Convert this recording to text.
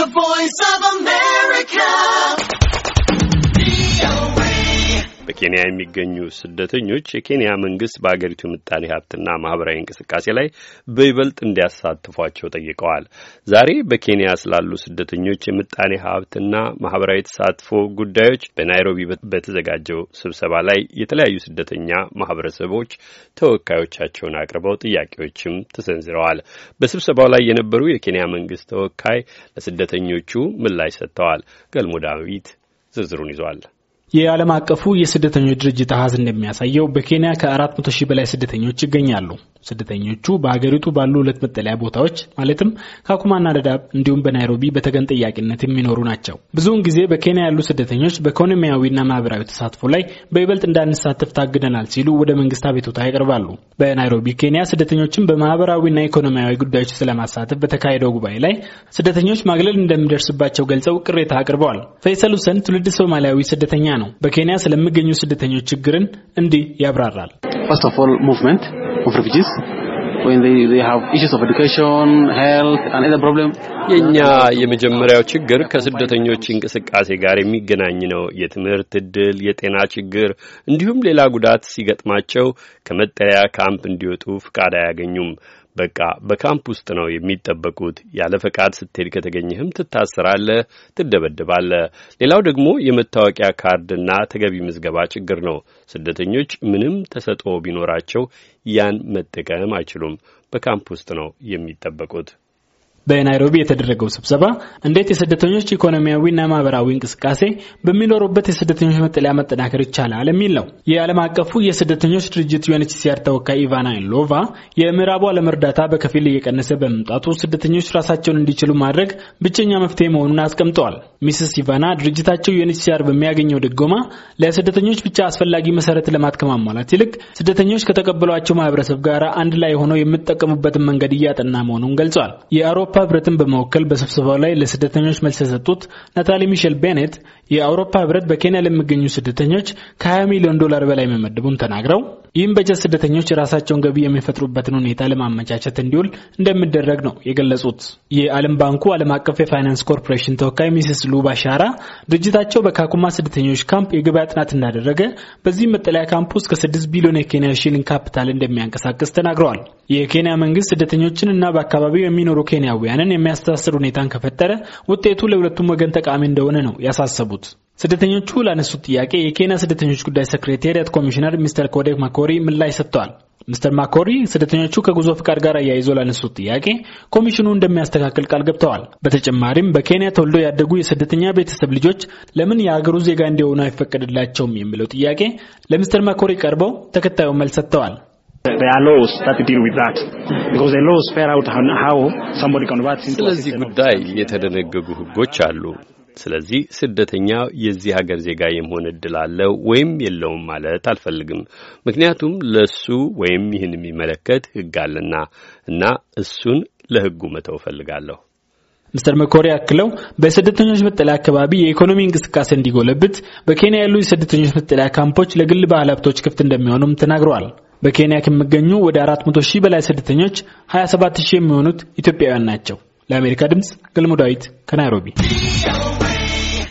The Voice of man. በኬንያ የሚገኙ ስደተኞች የኬንያ መንግስት በአገሪቱ ምጣኔ ሀብትና ማህበራዊ እንቅስቃሴ ላይ በይበልጥ እንዲያሳትፏቸው ጠይቀዋል። ዛሬ በኬንያ ስላሉ ስደተኞች የምጣኔ ሀብትና ማህበራዊ ተሳትፎ ጉዳዮች በናይሮቢ በተዘጋጀው ስብሰባ ላይ የተለያዩ ስደተኛ ማህበረሰቦች ተወካዮቻቸውን አቅርበው ጥያቄዎችም ተሰንዝረዋል። በስብሰባው ላይ የነበሩ የኬንያ መንግስት ተወካይ ለስደተኞቹ ምላሽ ሰጥተዋል። ገልሞ ዳዊት ዝርዝሩን ይዟል። የዓለም አቀፉ የስደተኞች ድርጅት አሃዝ እንደሚያሳየው በኬንያ ከ400 ሺህ በላይ ስደተኞች ይገኛሉ። ስደተኞቹ በሀገሪቱ ባሉ ሁለት መጠለያ ቦታዎች ማለትም ካኩማና ደዳብ እንዲሁም በናይሮቢ በተገን ጥያቄነት የሚኖሩ ናቸው። ብዙውን ጊዜ በኬንያ ያሉ ስደተኞች በኢኮኖሚያዊና ማህበራዊ ተሳትፎ ላይ በይበልጥ እንዳንሳተፍ ታግደናል ሲሉ ወደ መንግስት አቤቱታ ያቀርባሉ። በናይሮቢ ኬንያ ስደተኞችን በማህበራዊና ኢኮኖሚያዊ ጉዳዮች ስለማሳተፍ በተካሄደው ጉባኤ ላይ ስደተኞች ማግለል እንደሚደርስባቸው ገልጸው ቅሬታ አቅርበዋል። ፈይሰል ሁሰን ትውልድ ሶማሊያዊ ስደተኛ ነው። በኬንያ ስለሚገኙ ስደተኞች ችግርን እንዲህ ያብራራል። ፈርስት ኦፍ ኦል ሙቭመንት ኦፍ ሪፊጂስ families when they, they have issues of education, health and other problem የኛ የመጀመሪያው ችግር ከስደተኞች እንቅስቃሴ ጋር የሚገናኝ ነው። የትምህርት እድል፣ የጤና ችግር እንዲሁም ሌላ ጉዳት ሲገጥማቸው ከመጠለያ ካምፕ እንዲወጡ ፍቃድ አያገኙም። በቃ በካምፕ ውስጥ ነው የሚጠበቁት። ያለ ፈቃድ ስትሄድ ከተገኘህም ትታሰራለህ፣ ትደበድባለህ። ሌላው ደግሞ የመታወቂያ ካርድና ተገቢ ምዝገባ ችግር ነው። ስደተኞች ምንም ተሰጥኦ ቢኖራቸው ያን መጠቀም አይችሉም። በካምፕ ውስጥ ነው የሚጠበቁት። በናይሮቢ የተደረገው ስብሰባ እንዴት የስደተኞች ኢኮኖሚያዊና ማህበራዊ እንቅስቃሴ በሚኖሩበት የስደተኞች መጠለያ መጠናከር ይቻላል የሚል ነው። የዓለም አቀፉ የስደተኞች ድርጅት ዩኤንኤችሲአር ተወካይ ኢቫና ኢሎቫ የምዕራቡ ዓለም እርዳታ በከፊል እየቀነሰ በመምጣቱ ስደተኞች ራሳቸውን እንዲችሉ ማድረግ ብቸኛ መፍትሄ መሆኑን አስቀምጠዋል። ሚስስ ኢቫና ድርጅታቸው ዩኤንኤችሲአር በሚያገኘው ድጎማ ለስደተኞች ብቻ አስፈላጊ መሰረት ልማት ከማሟላት ይልቅ ስደተኞች ከተቀበሏቸው ማህበረሰብ ጋር አንድ ላይ ሆነው የምጠቀሙበትን መንገድ እያጠና መሆኑን ገልጿል። የአውሮፓ የአውሮፓ ህብረትን በመወከል በስብሰባው ላይ ለስደተኞች መልስ የሰጡት ናታሊ ሚሼል ቤኔት የአውሮፓ ህብረት በኬንያ ለሚገኙ ስደተኞች ከ20 ሚሊዮን ዶላር በላይ መመደቡን ተናግረው ይህም በጀት ስደተኞች የራሳቸውን ገቢ የሚፈጥሩበትን ሁኔታ ለማመቻቸት እንዲውል እንደሚደረግ ነው የገለጹት። የዓለም ባንኩ ዓለም አቀፍ የፋይናንስ ኮርፖሬሽን ተወካይ ሚስስ ሉባ ሻራ ድርጅታቸው በካኩማ ስደተኞች ካምፕ የገበያ ጥናት እንዳደረገ በዚህም መጠለያ ካምፕ ውስጥ ከስድስት ቢሊዮን የኬንያ ሺሊንግ ካፒታል እንደሚያንቀሳቅስ ተናግረዋል። የኬንያ መንግስት ስደተኞችን እና በአካባቢው የሚኖሩ ኬንያውያንን የሚያስተሳስር ሁኔታን ከፈጠረ ውጤቱ ለሁለቱም ወገን ጠቃሚ እንደሆነ ነው ያሳሰቡት። ስደተኞቹ ላነሱት ጥያቄ የኬንያ ስደተኞች ጉዳይ ሰክሬታሪያት ኮሚሽነር ሚስተር ኮዴክ ማኮሪ ምላሽ ሰጥተዋል። ሚስተር ማኮሪ ስደተኞቹ ከጉዞ ፍቃድ ጋር አያይዞ ላነሱት ጥያቄ ኮሚሽኑ እንደሚያስተካክል ቃል ገብተዋል። በተጨማሪም በኬንያ ተወልደው ያደጉ የስደተኛ ቤተሰብ ልጆች ለምን የአገሩ ዜጋ እንዲሆኑ አይፈቀድላቸውም የሚለው ጥያቄ ለሚስተር ማኮሪ ቀርበው ተከታዩን መልስ ሰጥተዋል። ስለዚህ ጉዳይ የተደነገጉ ህጎች አሉ። ስለዚህ ስደተኛው የዚህ ሀገር ዜጋ የመሆን እድል አለው ወይም የለውም ማለት አልፈልግም። ምክንያቱም ለሱ ወይም ይህን የሚመለከት ህግ አለና እና እሱን ለህጉ መተው እፈልጋለሁ። ሚስተር መኮሪ አክለው በስደተኞች መጠለያ አካባቢ የኢኮኖሚ እንቅስቃሴ እንዲጎለብት በኬንያ ያሉ የስደተኞች መጠለያ ካምፖች ለግል ባለ ሀብቶች ክፍት እንደሚሆኑም ተናግረዋል። በኬንያ ከሚገኙ ወደ 400 ሺህ በላይ ስደተኞች 27 ሺህ የሚሆኑት ኢትዮጵያውያን ናቸው። ለአሜሪካ ድምፅ ገልሞ ዳዊት ከናይሮቢ